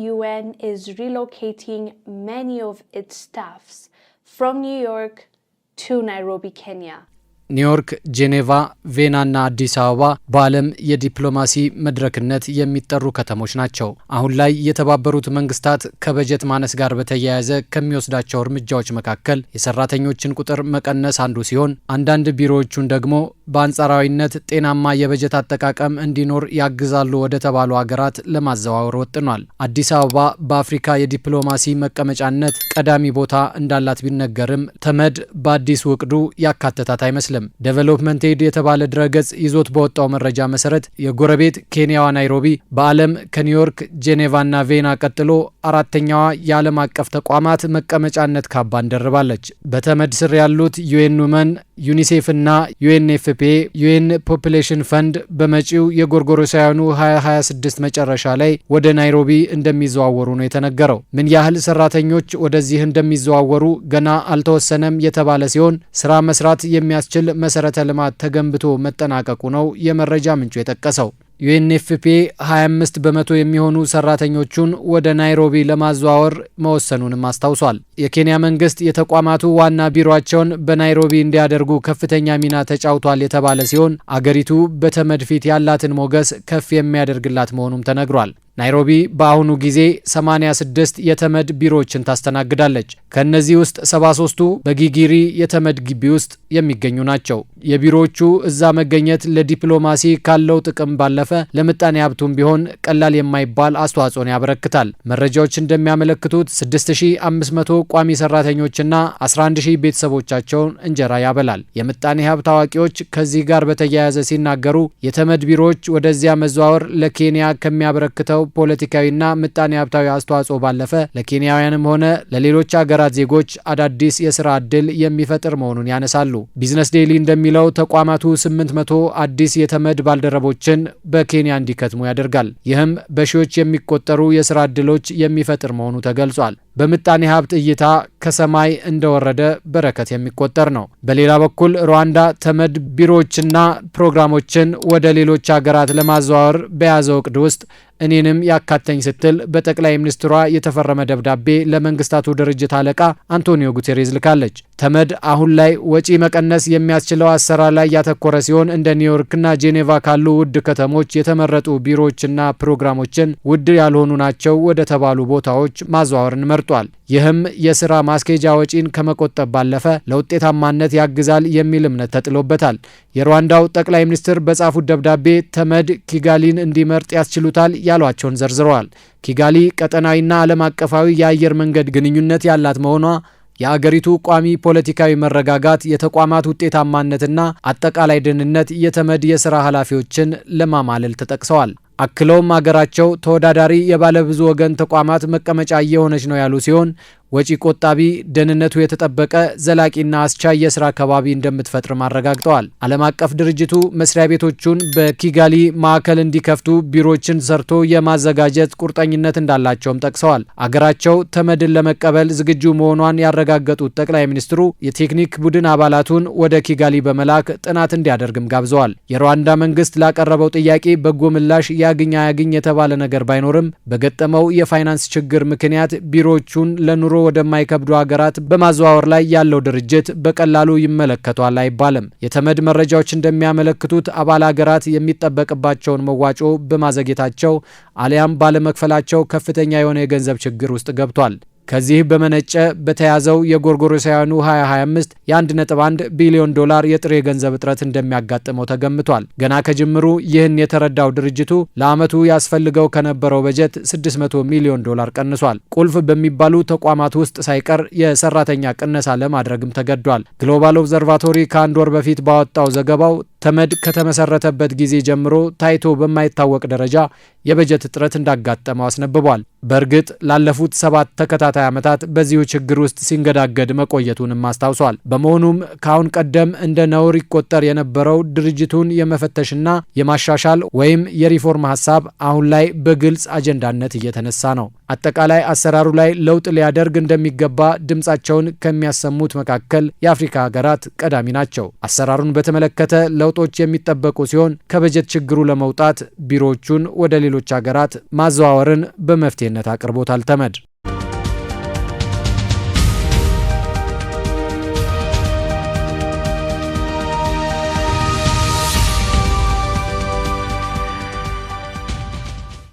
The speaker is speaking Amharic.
UN is relocating many of its staffs from New York to Nairobi, Kenya. ኒውዮርክ፣ ጄኔቫ፣ ቬናና አዲስ አበባ በዓለም የዲፕሎማሲ መድረክነት የሚጠሩ ከተሞች ናቸው። አሁን ላይ የተባበሩት መንግስታት ከበጀት ማነስ ጋር በተያያዘ ከሚወስዳቸው እርምጃዎች መካከል የሰራተኞችን ቁጥር መቀነስ አንዱ ሲሆን አንዳንድ ቢሮዎቹን ደግሞ በአንጻራዊነት ጤናማ የበጀት አጠቃቀም እንዲኖር ያግዛሉ ወደ ተባሉ ሀገራት ለማዘዋወር ወጥኗል። አዲስ አበባ በአፍሪካ የዲፕሎማሲ መቀመጫነት ቀዳሚ ቦታ እንዳላት ቢነገርም ተመድ በአዲስ ውቅዱ ያካተታት አይመስልም። አይደለም። ዴቨሎፕመንት ኤድ የተባለ ድረገጽ ይዞት በወጣው መረጃ መሰረት የጎረቤት ኬንያዋ ናይሮቢ በዓለም ከኒውዮርክ ጄኔቫና ቬና ቀጥሎ አራተኛዋ የዓለም አቀፍ ተቋማት መቀመጫነት ካባን ደርባለች። በተመድ ስር ያሉት ዩኤን ውመን ዩኒሴፍና ዩኤንኤፍፔ ዩኤን ፖፕሌሽን ፈንድ በመጪው የጎርጎሮሳውያኑ 2026 መጨረሻ ላይ ወደ ናይሮቢ እንደሚዘዋወሩ ነው የተነገረው። ምን ያህል ሰራተኞች ወደዚህ እንደሚዘዋወሩ ገና አልተወሰነም የተባለ ሲሆን ስራ መስራት የሚያስችል መሰረተ ልማት ተገንብቶ መጠናቀቁ ነው የመረጃ ምንጩ የጠቀሰው። ዩኤንኤፍፒ 25 በመቶ የሚሆኑ ሰራተኞቹን ወደ ናይሮቢ ለማዘዋወር መወሰኑንም አስታውሷል። የኬንያ መንግስት የተቋማቱ ዋና ቢሮቸውን በናይሮቢ እንዲያደርጉ ከፍተኛ ሚና ተጫውቷል የተባለ ሲሆን አገሪቱ በተመድ ፊት ያላትን ሞገስ ከፍ የሚያደርግላት መሆኑም ተነግሯል። ናይሮቢ በአሁኑ ጊዜ 86 የተመድ ቢሮዎችን ታስተናግዳለች። ከእነዚህ ውስጥ 73ቱ በጊጊሪ የተመድ ግቢ ውስጥ የሚገኙ ናቸው። የቢሮዎቹ እዛ መገኘት ለዲፕሎማሲ ካለው ጥቅም ባለፈ ለምጣኔ ሀብቱም ቢሆን ቀላል የማይባል አስተዋጽኦን ያበረክታል። መረጃዎች እንደሚያመለክቱት 6500 ቋሚ ሰራተኞችና 11000 ቤተሰቦቻቸውን እንጀራ ያበላል። የምጣኔ ሀብት አዋቂዎች ከዚህ ጋር በተያያዘ ሲናገሩ የተመድ ቢሮዎች ወደዚያ መዘዋወር ለኬንያ ከሚያበረክተው ካለው ፖለቲካዊና ምጣኔ ሀብታዊ አስተዋጽኦ ባለፈ ለኬንያውያንም ሆነ ለሌሎች አገራት ዜጎች አዳዲስ የስራ እድል የሚፈጥር መሆኑን ያነሳሉ። ቢዝነስ ዴይሊ እንደሚለው ተቋማቱ 800 አዲስ የተመድ ባልደረቦችን በኬንያ እንዲከትሙ ያደርጋል። ይህም በሺዎች የሚቆጠሩ የስራ እድሎች የሚፈጥር መሆኑ ተገልጿል። በምጣኔ ሀብት እይታ ከሰማይ እንደወረደ በረከት የሚቆጠር ነው። በሌላ በኩል ሩዋንዳ ተመድ ቢሮዎችና ፕሮግራሞችን ወደ ሌሎች ሀገራት ለማዘዋወር በያዘው እቅድ ውስጥ እኔንም ያካተኝ ስትል በጠቅላይ ሚኒስትሯ የተፈረመ ደብዳቤ ለመንግስታቱ ድርጅት አለቃ አንቶኒዮ ጉቴሬዝ ልካለች። ተመድ አሁን ላይ ወጪ መቀነስ የሚያስችለው አሰራር ላይ ያተኮረ ሲሆን እንደ ኒውዮርክና ጄኔቫ ካሉ ውድ ከተሞች የተመረጡ ቢሮዎችና ፕሮግራሞችን ውድ ያልሆኑ ናቸው ወደ ተባሉ ቦታዎች ማዘዋወርን መርጧል። ይህም የስራ ማስኬጃ ወጪን ከመቆጠብ ባለፈ ለውጤታማነት ያግዛል የሚል እምነት ተጥሎበታል። የሩዋንዳው ጠቅላይ ሚኒስትር በጻፉት ደብዳቤ ተመድ ኪጋሊን እንዲመርጥ ያስችሉታል ያሏቸውን ዘርዝረዋል። ኪጋሊ ቀጠናዊና ዓለም አቀፋዊ የአየር መንገድ ግንኙነት ያላት መሆኗ የአገሪቱ ቋሚ ፖለቲካዊ መረጋጋት፣ የተቋማት ውጤታማነትና አጠቃላይ ደህንነት የተመድ የስራ ኃላፊዎችን ለማማለል ተጠቅሰዋል። አክለውም አገራቸው ተወዳዳሪ የባለብዙ ወገን ተቋማት መቀመጫ እየሆነች ነው ያሉ ሲሆን ወጪ ቆጣቢ፣ ደህንነቱ የተጠበቀ ዘላቂና አስቻይ የስራ አካባቢ እንደምትፈጥርም አረጋግጠዋል። ዓለም አቀፍ ድርጅቱ መስሪያ ቤቶቹን በኪጋሊ ማዕከል እንዲከፍቱ ቢሮዎችን ሰርቶ የማዘጋጀት ቁርጠኝነት እንዳላቸውም ጠቅሰዋል። አገራቸው ተመድን ለመቀበል ዝግጁ መሆኗን ያረጋገጡት ጠቅላይ ሚኒስትሩ የቴክኒክ ቡድን አባላቱን ወደ ኪጋሊ በመላክ ጥናት እንዲያደርግም ጋብዘዋል። የሩዋንዳ መንግስት ላቀረበው ጥያቄ በጎ ምላሽ ያግኝ አያግኝ የተባለ ነገር ባይኖርም በገጠመው የፋይናንስ ችግር ምክንያት ቢሮዎቹን ለኑሮ ወደማይከብዱ ሀገራት በማዘዋወር ላይ ያለው ድርጅት በቀላሉ ይመለከቷል አይባልም። የተመድ መረጃዎች እንደሚያመለክቱት አባል ሀገራት የሚጠበቅባቸውን መዋጮ በማዘግየታቸው አሊያም ባለመክፈላቸው ከፍተኛ የሆነ የገንዘብ ችግር ውስጥ ገብቷል። ከዚህ በመነጨ በተያዘው የጎርጎሮሳውያኑ 2025 የ1.1 ቢሊዮን ዶላር የጥሬ ገንዘብ እጥረት እንደሚያጋጥመው ተገምቷል። ገና ከጅምሩ ይህን የተረዳው ድርጅቱ ለዓመቱ ያስፈልገው ከነበረው በጀት 600 ሚሊዮን ዶላር ቀንሷል። ቁልፍ በሚባሉ ተቋማት ውስጥ ሳይቀር የሰራተኛ ቅነሳ ለማድረግም ተገዷል። ግሎባል ኦብዘርቫቶሪ ከአንድ ወር በፊት ባወጣው ዘገባው ተመድ ከተመሰረተበት ጊዜ ጀምሮ ታይቶ በማይታወቅ ደረጃ የበጀት እጥረት እንዳጋጠመው አስነብቧል። በእርግጥ ላለፉት ሰባት ተከታታይ ዓመታት በዚሁ ችግር ውስጥ ሲንገዳገድ መቆየቱንም አስታውሷል። በመሆኑም ከአሁን ቀደም እንደ ነውር ይቆጠር የነበረው ድርጅቱን የመፈተሽና የማሻሻል ወይም የሪፎርም ሀሳብ አሁን ላይ በግልጽ አጀንዳነት እየተነሳ ነው። አጠቃላይ አሰራሩ ላይ ለውጥ ሊያደርግ እንደሚገባ ድምፃቸውን ከሚያሰሙት መካከል የአፍሪካ ሀገራት ቀዳሚ ናቸው። አሰራሩን በተመለከተ ለ ለውጦች የሚጠበቁ ሲሆን ከበጀት ችግሩ ለመውጣት ቢሮዎቹን ወደ ሌሎች ሀገራት ማዘዋወርን በመፍትሄነት አቅርቦታል ተመድ